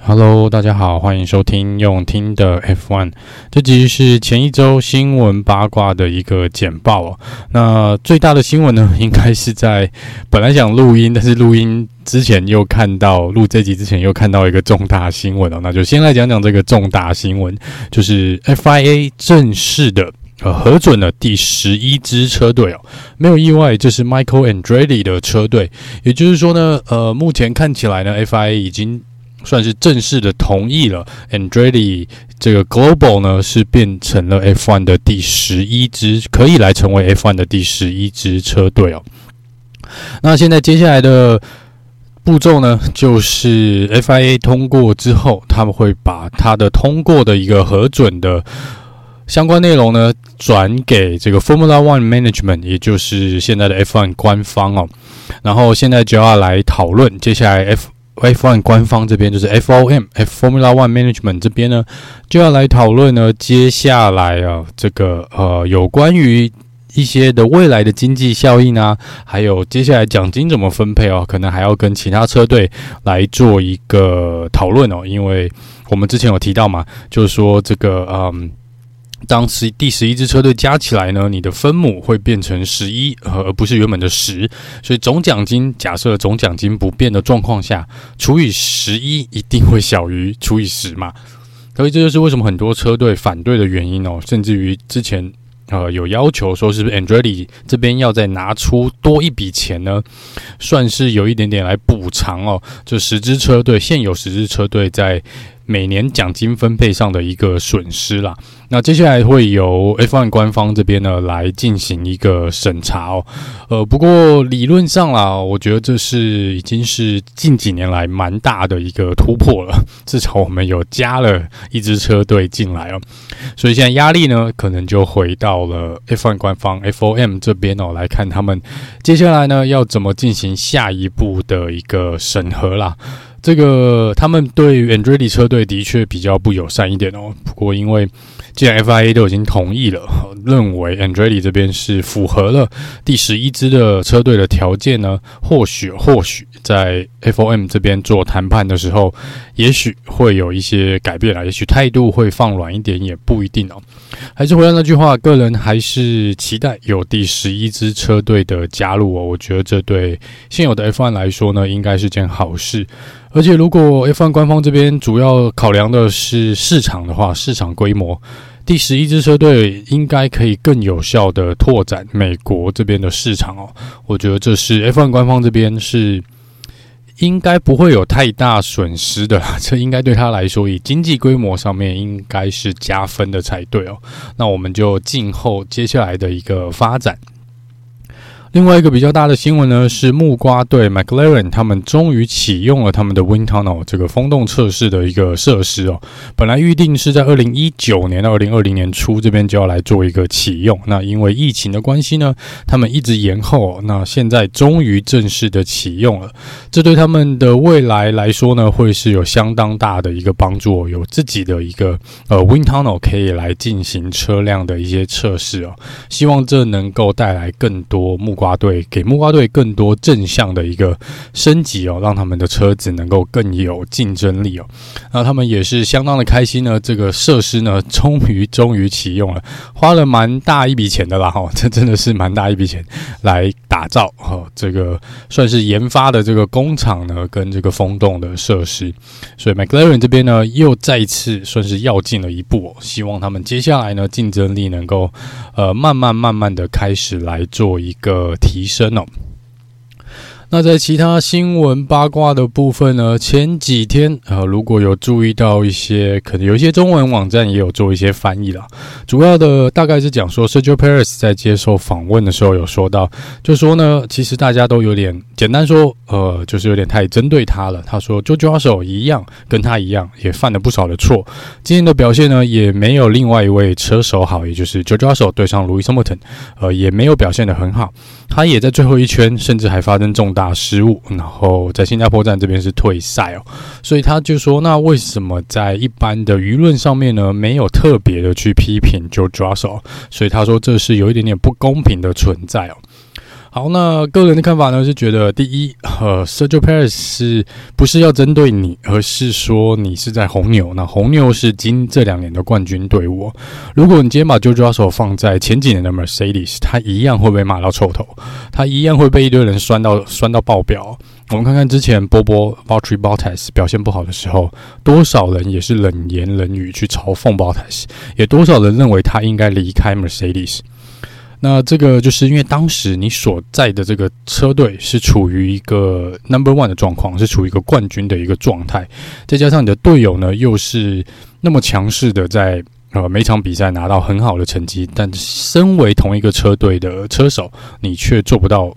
哈嘍，Hello, 大家好，歡迎收聽用聽的 F One。這集是前一周新聞八卦的一個簡報哦。那最大的新聞呢，應該是在本來想錄音，但是錄音之前又看到，錄這集之前又看到一個重大新聞哦。那就先來講講這個重大新聞，就是 FIA 正式的呃核准了第十一支車隊哦。沒有意外，就是 Michael Andretti 的車隊。也就是說呢，呃，目前看起來呢，FIA 已經。算是正式的同意了 Andretti 這個 Global 呢，是變成了 F1 的第十一支，可以來成為 F1 的第十一支車隊哦。那現在接下來的步驟呢，就是 FIA 通過之後，他們會把他的通過的一個核准的相關內容呢，轉給這個 Formula One Management，也就是現在的 F1 官方哦。然後現在就要來討論接下來 F。F1 官方這邊就是 FOM，F Formula One Management 這邊呢，就要來討論呢，接下來啊，這個呃，有關於一些的未來的經濟效益啊，還有接下來獎金怎麼分配哦，可能還要跟其他車隊來做一個討論哦，因為我們之前有提到嘛，就是說這個嗯。當十第十一支車隊加起來呢，你的分母會變成十一，呃，而不是原本的十，所以總獎金假設總獎金不變的狀況下，除以十一一定會小於除以十嘛，所以這就是為什麼很多車隊反對的原因哦，甚至於之前呃有要求說是不是 Andretti 這邊要再拿出多一筆錢呢，算是有一點點來補償哦，就十支車隊現有十支車隊在每年獎金分配上的一個損失啦，那接下來會由 F1 官方這邊呢來進行一個審查哦。呃，不過理論上啦，我覺得這是已經是近幾年來蠻大的一個突破了。至少我們有加了一支車隊進來哦，所以現在壓力呢，可能就回到了 F1 官方 FOM 這邊哦，來看他們接下來呢要怎麼進行下一步的一個審核啦。這個他們對 Andretti 車隊的確比較不友善一點哦。不過，因為既然 FIA 都已經同意了，認為 Andretti 這邊是符合了第十一支的車隊的條件呢，或許或許在 FOM 這邊做談判的時候，也許會有一些改變啊，也許態度會放軟一點，也不一定哦。還是回到那句話，個人還是期待有第十一支車隊的加入哦。我覺得這對現有的 F1 來說呢，應該是件好事。而且，如果 F1 官方這邊主要考量的是市場的話，市場規模，第十一支車隊應該可以更有效的拓展美國這邊的市場哦、喔。我覺得這是 F1 官方這邊是應該不會有太大損失的，這應該對他來說，以經濟規模上面應該是加分的才對哦、喔。那我們就靜候接下來的一個發展。另外一個比較大的新聞呢，是木瓜隊 McLaren 他們終於啟用了他們的 Wind Tunnel 這個風洞測試的一個設施哦。本來預定是在二零一九年到二零二零年初這邊就要來做一個啟用，那因為疫情的關係呢，他們一直延後、哦，那現在終於正式的啟用了。這對他們的未來來說呢，會是有相當大的一個幫助、哦，有自己的一個呃 Wind Tunnel 可以來進行車輛的一些測試哦。希望這能夠帶來更多木。瓜隊，給木瓜隊更多正向的一個升級哦，讓他們的車子能夠更有競爭力哦。那他們也是相當的開心呢，這個設施呢終於終於啟用了，花了蠻大一筆錢的啦哈，這真的是蠻大一筆錢來打造哦，這個算是研發的這個工廠呢跟這個風洞的設施。所以 McLaren 這邊呢又再次算是要進了一步哦，希望他們接下來呢競爭力能夠呃慢慢慢慢的開始來做一個。有提升哦。那在其他新聞八卦的部分呢？前幾天啊、呃，如果有注意到一些，可能有一些中文網站也有做一些翻譯了。主要的大概是講說，Sergio Perez 在接受訪問的時候有說到，就說呢，其實大家都有點，簡單說，呃，就是有點太針對他了。他說，George Russell 一樣，跟他一樣，也犯了不少的錯。今天的表現呢，也沒有另外一位車手好，也就是 George Russell 對上 Lewis Hamilton，呃，也沒有表現得很好。他也在最後一圈，甚至還發生重大大失誤，然後在新加坡站這邊是退賽哦，所以他就說，那為什麼在一般的輿論上面呢，沒有特別的去批評 George。所以他說這是有一點點不公平的存在哦。好，那個人的看法呢？是覺得第一，呃，Sergio Perez 是不是要針對你，而是說你是在紅牛？那紅牛是今這兩年的冠軍隊伍。如果你今天把聚焦手放在前幾年的 Mercedes，他一樣會被罵到臭頭，他一樣會被一堆人酸到酸到爆表。我們看看之前波波 Valtteri Bottas 表現不好的時候，多少人也是冷言冷語去嘲諷 Bottas，也多少人認為他應該離開 Mercedes。那這個就是因為當時你所在的這個車隊是處於一個 number one 的狀況，是處於一個冠軍的一個狀態，再加上你的隊友呢，又是那麼強勢的在呃每場比賽拿到很好的成績，但身為同一個車隊的車手，你卻做不到。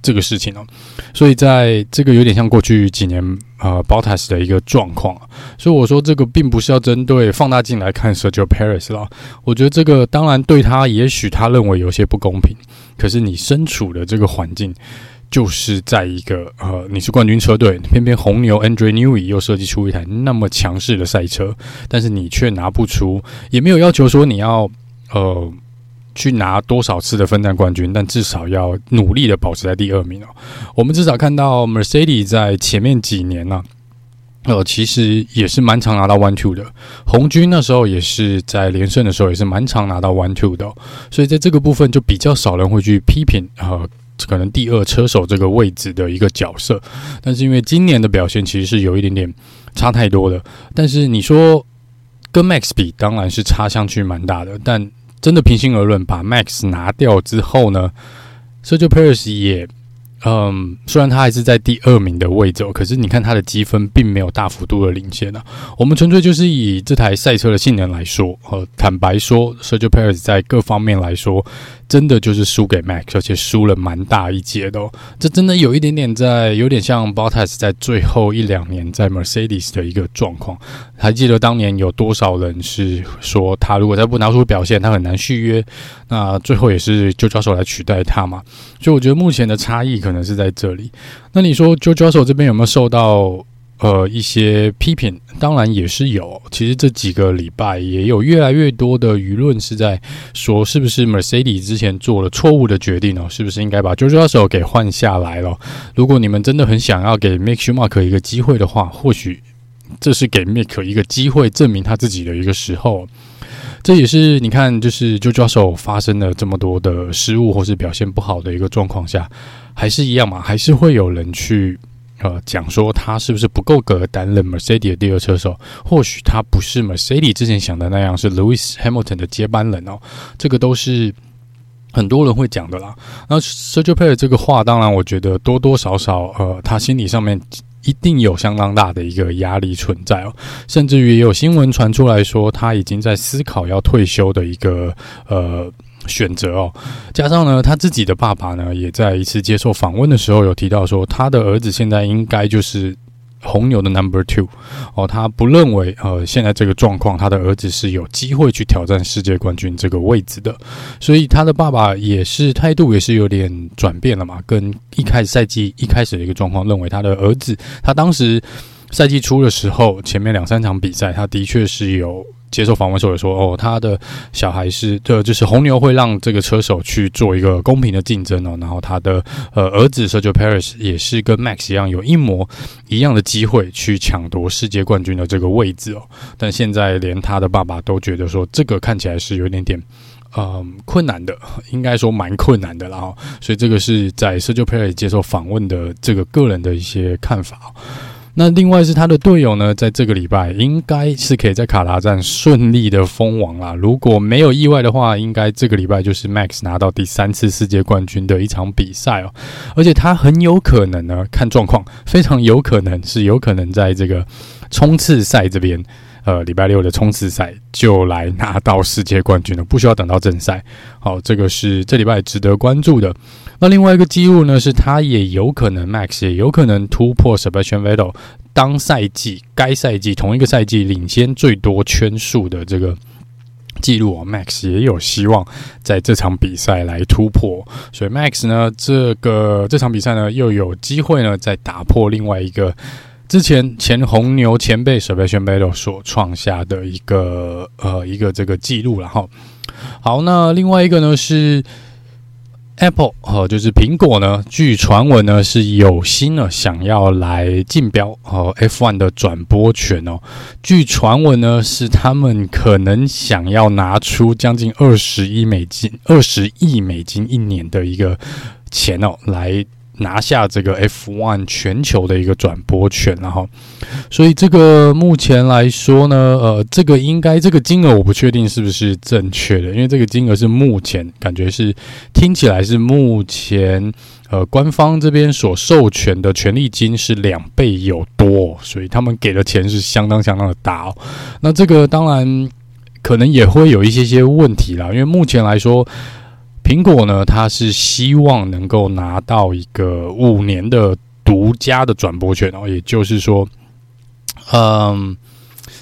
這個事情哦、喔，所以在這個有點像過去幾年啊、呃、，Bottas 的一個狀況。所以我說這個並不是要針對放大鏡來看 Sergio Perez 啦。我覺得這個當然對他，也許他認為有些不公平。可是你身處的這個環境，就是在一個呃，你是冠軍車隊，偏偏紅牛 Adrian Newey 又設計出一台那麼強勢的賽車，但是你卻拿不出，也沒有要求說你要呃。去拿多少次的分站冠軍，但至少要努力的保持在第二名哦、喔。我們至少看到 Mercedes 在前面幾年呢、啊，呃，其實也是蠻常拿到 One Two 的。紅軍那時候也是在連勝的時候，也是蠻常拿到 One Two 的、喔。所以在這個部分，就比較少人會去批評啊，可能第二車手這個位置的一個角色。但是因為今年的表現，其實是有一點點差太多的。但是你說跟 Max 比，當然是差相距蠻大的，但。真的，平心而論，把 Max 拿掉之後呢，Sergio Perez 也，嗯，雖然他還是在第二名的位置，哦。可是你看他的積分並沒有大幅度的領先啊。我們純粹就是以這台賽車的性能來說，和、呃、坦白說，Sergio Perez 在各方面來說。真的就是輸給 Max，而且輸了蠻大一截的喔。這真的有一點點在，有點像 Bottas 在最後一兩年在 Mercedes 的一個狀況。還記得當年有多少人是說他如果再不拿出表現，他很難續約。那最後也是 Jojo 手來取代他嘛。所以我覺得目前的差異可能是在這裡。那你說 Jojo 手這邊有沒有受到？呃，一些批評當然也是有哦。其實這幾個禮拜也有越來越多的輿論是在說，是不是 Mercedes 之前做了錯誤的決定哦？是不是應該把 Jojo、so、手給換下來了哦？如果你們真的很想要給 Mick Schumacher 一個機會的話，或許這是給 Mick 一個機會證明他自己的一個時候。這也是你看，就是 Jojo、so、手發生了這麼多的失誤或是表現不好的一個狀況下，還是一樣嘛？還是會有人去。呃，講說他是不是不夠格擔任 Mercedes 第二車手？或許他不是 Mercedes 之前想的那樣，是 Lewis Hamilton 的接班人哦。這個都是很多人會講的啦。那 Sergio Perez 這個話，當然我覺得多多少少，呃，他心理上面一定有相當大的一個壓力存在哦。甚至於也有新聞傳出來說，他已經在思考要退休的一個呃。選擇哦，加上呢，他自己的爸爸呢，也在一次接受訪問的時候有提到說，他的兒子現在應該就是紅牛的 Number Two 哦，他不認為呃，現在這個狀況，他的兒子是有機會去挑戰世界冠軍這個位置的，所以他的爸爸也是態度也是有點轉變了嘛，跟一開始賽季一開始的一個狀況，認為他的兒子，他當時賽季初的時候，前面兩三場比賽，他的確是有。接受訪問時候也說，哦，他的小孩是，這、呃、就是紅牛會讓這個車手去做一個公平的競爭哦，然後他的呃兒子 Sergio Perez 也是跟 Max 一樣有一模一樣的機會去搶奪世界冠軍的這個位置哦，但現在連他的爸爸都覺得說這個看起來是有點點，嗯、呃，困難的，應該說蠻困難的，然後，所以這個是在 Sergio Perez 接受訪問的這個個人的一些看法哦。那另外是他的隊友呢，在這個禮拜應該是可以在卡達站順利的封王啦。如果沒有意外的話，應該這個禮拜就是 Max 拿到第三次世界冠軍的一場比賽哦。而且他很有可能呢，看狀況，非常有可能是有可能在這個衝刺賽這邊。呃，禮拜六的衝刺賽就來拿到世界冠軍了，不需要等到正賽。好，這個是這禮拜值得關注的。那另外一個記錄呢，是他也有可能，Max 也有可能突破 Sebastian Vettel 當賽季該賽季同一個賽季領先最多圈數的這個記錄啊，Max 也有希望在這場比賽來突破。所以，Max 呢，這個這場比賽呢，又有機會呢，再打破另外一個。之前前紅牛前輩 Sebastian Vettel 所創下的一個呃一個這個記錄，然後好，那另外一個呢是 Apple 哦、呃，就是蘋果呢，據傳聞呢是有心呢、呃、想要來競標哦、呃、F1 的轉播權哦，據傳聞呢是他們可能想要拿出將近二十億美金二十億美金一年的一個錢哦來拿下這個 F1 全球的一個轉播權，然後，所以這個目前來說呢，呃，這個應該這個金額我不確定是不是正確的，因為這個金額是目前感覺是聽起來是目前呃官方這邊所授權的權利金是兩倍有多，所以他們給的錢是相當相當的大喔。那這個當然可能也會有一些些問題啦，因為目前來說。蘋果呢，它是希望能夠拿到一個五年的獨家的轉播權，然後也就是說，嗯。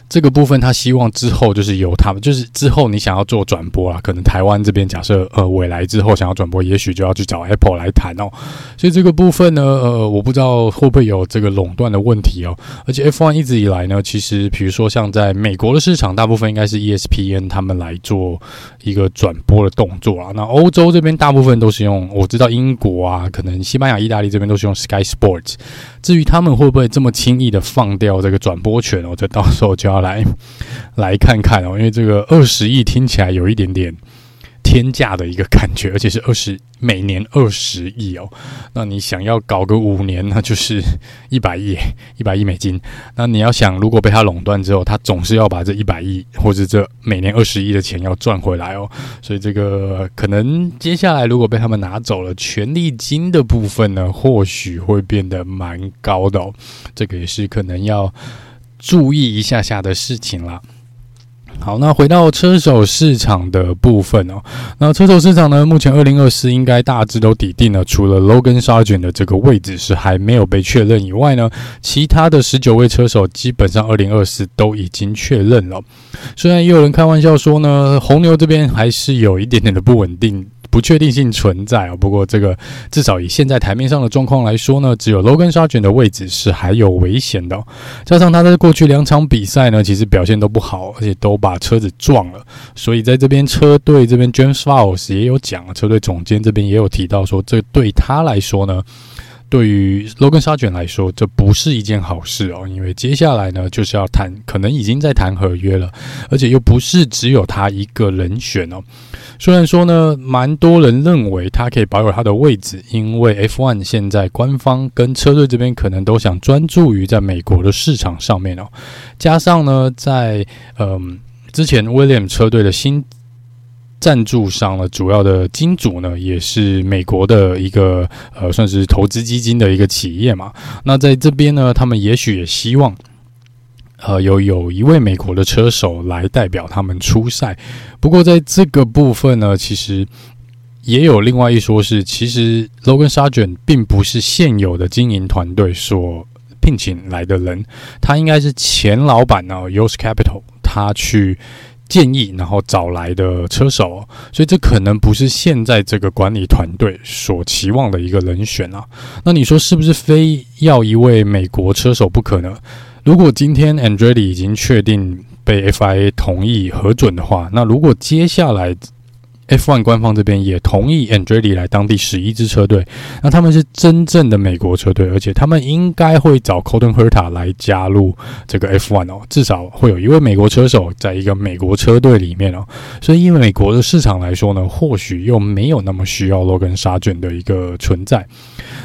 這個部分，他希望之後就是由他們，就是之後你想要做轉播啊，可能台灣這邊假設呃未來之後想要轉播，也許就要去找 Apple 來談哦。所以這個部分呢，呃，我不知道會不會有這個壟斷的問題哦。而且 F1 一直以來呢，其實比如說像在美國的市場，大部分應該是 ESPN 他們來做一個轉播的動作啊。那歐洲這邊大部分都是用，我知道英國啊，可能西班牙、意大利這邊都是用 Sky Sports。至於他們會不會這麼輕易的放掉這個轉播權哦，這到時候就要。好，來，來看看哦，因為這個二十億聽起來有一點點天價的一個感覺，而且是二十，每年二十億哦。那你想要搞個五年，那就是一百億，一百億美金。那你要想，如果被他壟斷之後，他總是要把這一百億或者這每年二十億的錢要賺回來哦。所以這個可能接下來如果被他們拿走了權利金的部分呢，或許會變得蠻高的哦。這個也是可能要。注意一下下的事情啦。好，那回到車手市場的部分哦、喔，那車手市場呢，目前二零二四應該大致都底定了，除了 Logan Sargent 的這個位置是還沒有被確認以外呢，其他的十九位車手基本上二零二四都已經確認了。雖然也有人開玩笑說呢，紅牛這邊還是有一點點的不穩定。不確定性存在啊、哦，不過這個至少以現在台面上的狀況來說呢，只有 Logan Sargeant 的位置是還有危險的、哦，加上他在過去兩場比賽呢，其實表現都不好，而且都把車子撞了，所以在這邊車隊這邊 James Vowles 也有講，車隊總監這邊也有提到說，這對他來說呢。對於 Logan 沙卷來說，這不是一件好事哦，因為接下來呢，就是要談，可能已經在談合約了，而且又不是只有他一個人選哦。雖然說呢，蠻多人認為他可以保有他的位置，因為 F1 現在官方跟車隊這邊可能都想專注於在美國的市場上面哦，加上呢，在嗯、呃、之前 William 車隊的新。贊助商的主要的金主呢，也是美國的一個呃，算是投資基金的一個企業嘛。那在這邊呢，他們也許也希望，呃，有有一位美國的車手來代表他們出賽。不過，在這個部分呢，其實也有另外一說是，其實 Logan Sargent 並不是現有的經營團隊所聘請來的人，他應該是前老闆呢 US Capital，他去。建議，然後找來的車手，所以這可能不是現在這個管理團隊所期望的一個人選啊。那你說是不是非要一位美國車手不可呢？如果今天 Andretti 已經確定被 FIA 同意核准的話，那如果接下來…… F1 官方這邊也同意 Andretti 來當地十一支車隊，那他們是真正的美國車隊，而且他們應該會找 Colton Herta 來加入這個 F1 哦、喔，至少會有一位美國車手在一個美國車隊裡面哦、喔，所以因為美國的市場來說呢，或許又沒有那麼需要 Logan Sargent 的一個存在。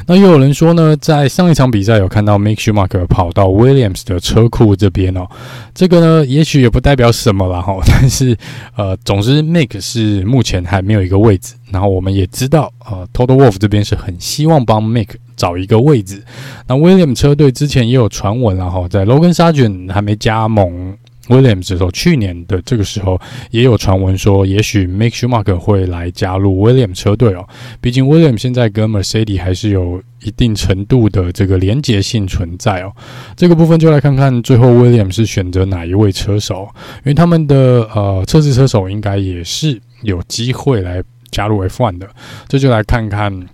那又有人說呢，在上一場比賽有看到 Mick Schumacher 跑到 Williams 的車庫這邊哦，這個呢，也許也不代表什麼啦。哈。但是呃，總之 Mick 是目前還沒有一個位置。然後我們也知道，呃，Toto Wolff 這邊是很希望幫 Mick 找一個位置。那 Williams 車隊之前也有傳聞，然後在 Logan Sargeant 還沒加盟。Williams 說，去年的這個時候也有傳聞說，也許 Mick Schumacher 會來加入 Williams 車隊哦。畢竟 Williams 現在跟 Mercedes 還是有一定程度的這個連接性存在哦。這個部分就來看看最後 Williams 是選擇哪一位車手，因為他們的呃測試車，車手應該也是有機會來加入 F1 的，這就來看看。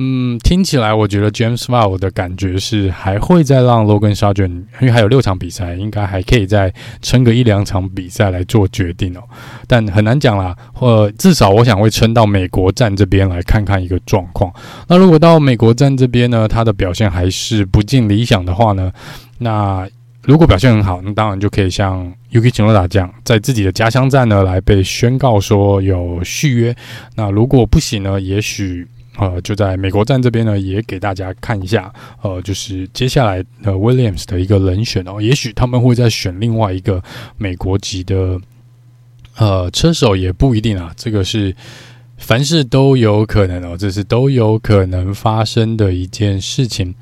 嗯，聽起來我覺得 James Vowles 的感覺是還會再讓 Logan Sargeant，因為還有六場比賽，應該還可以再撐個一兩場比賽來做決定哦。但很難講啦，或、呃、至少我想會撐到美國站這邊來看看一個狀況。那如果到美國站這邊呢，他的表現還是不盡理想的話呢，那如果表現很好，那當然就可以像 Yuki Tsunoda 這樣，在自己的家鄉站呢來被宣告說有續約。那如果不行呢，也許。呃，就在美國站這邊呢，也給大家看一下。呃，就是接下來呃 Williams 的一個人選哦，也許他們會再選另外一個美國籍的呃車手，也不一定啊。這個是凡事都有可能哦，這是都有可能發生的一件事情。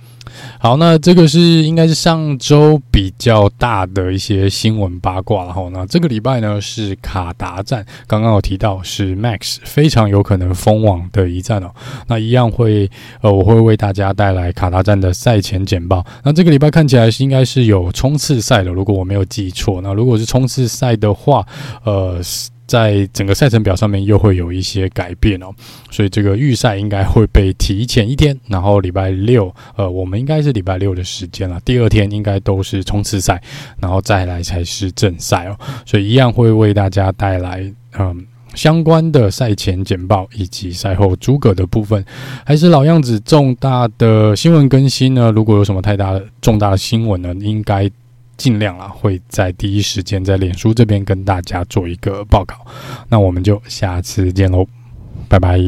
好，那這個是應該是上周比較大的一些新聞八卦齁，然後呢，這個禮拜呢是卡達站，剛剛有提到是 Max 非常有可能封王的一站哦，喔，那一樣會呃，我會為大家帶來卡達站的賽前簡報。那這個禮拜看起來是應該是有衝刺賽的，如果我沒有記錯，那如果是衝刺賽的話，呃。在整個賽程表上面又會有一些改變喔，所以這個預賽應該會被提前一天，然後禮拜六，呃，我們應該是禮拜六的時間了，第二天應該都是衝刺賽，然後再來才是正賽哦，所以一樣會為大家帶來嗯相關的賽前簡報以及賽後諸葛的部分，還是老樣子，重大的新聞更新呢？如果有什麼太大的重大的新聞呢，應該。盡量啦，會在第一時間在臉書這邊跟大家做一個報告。那我們就下次見嘍，拜拜。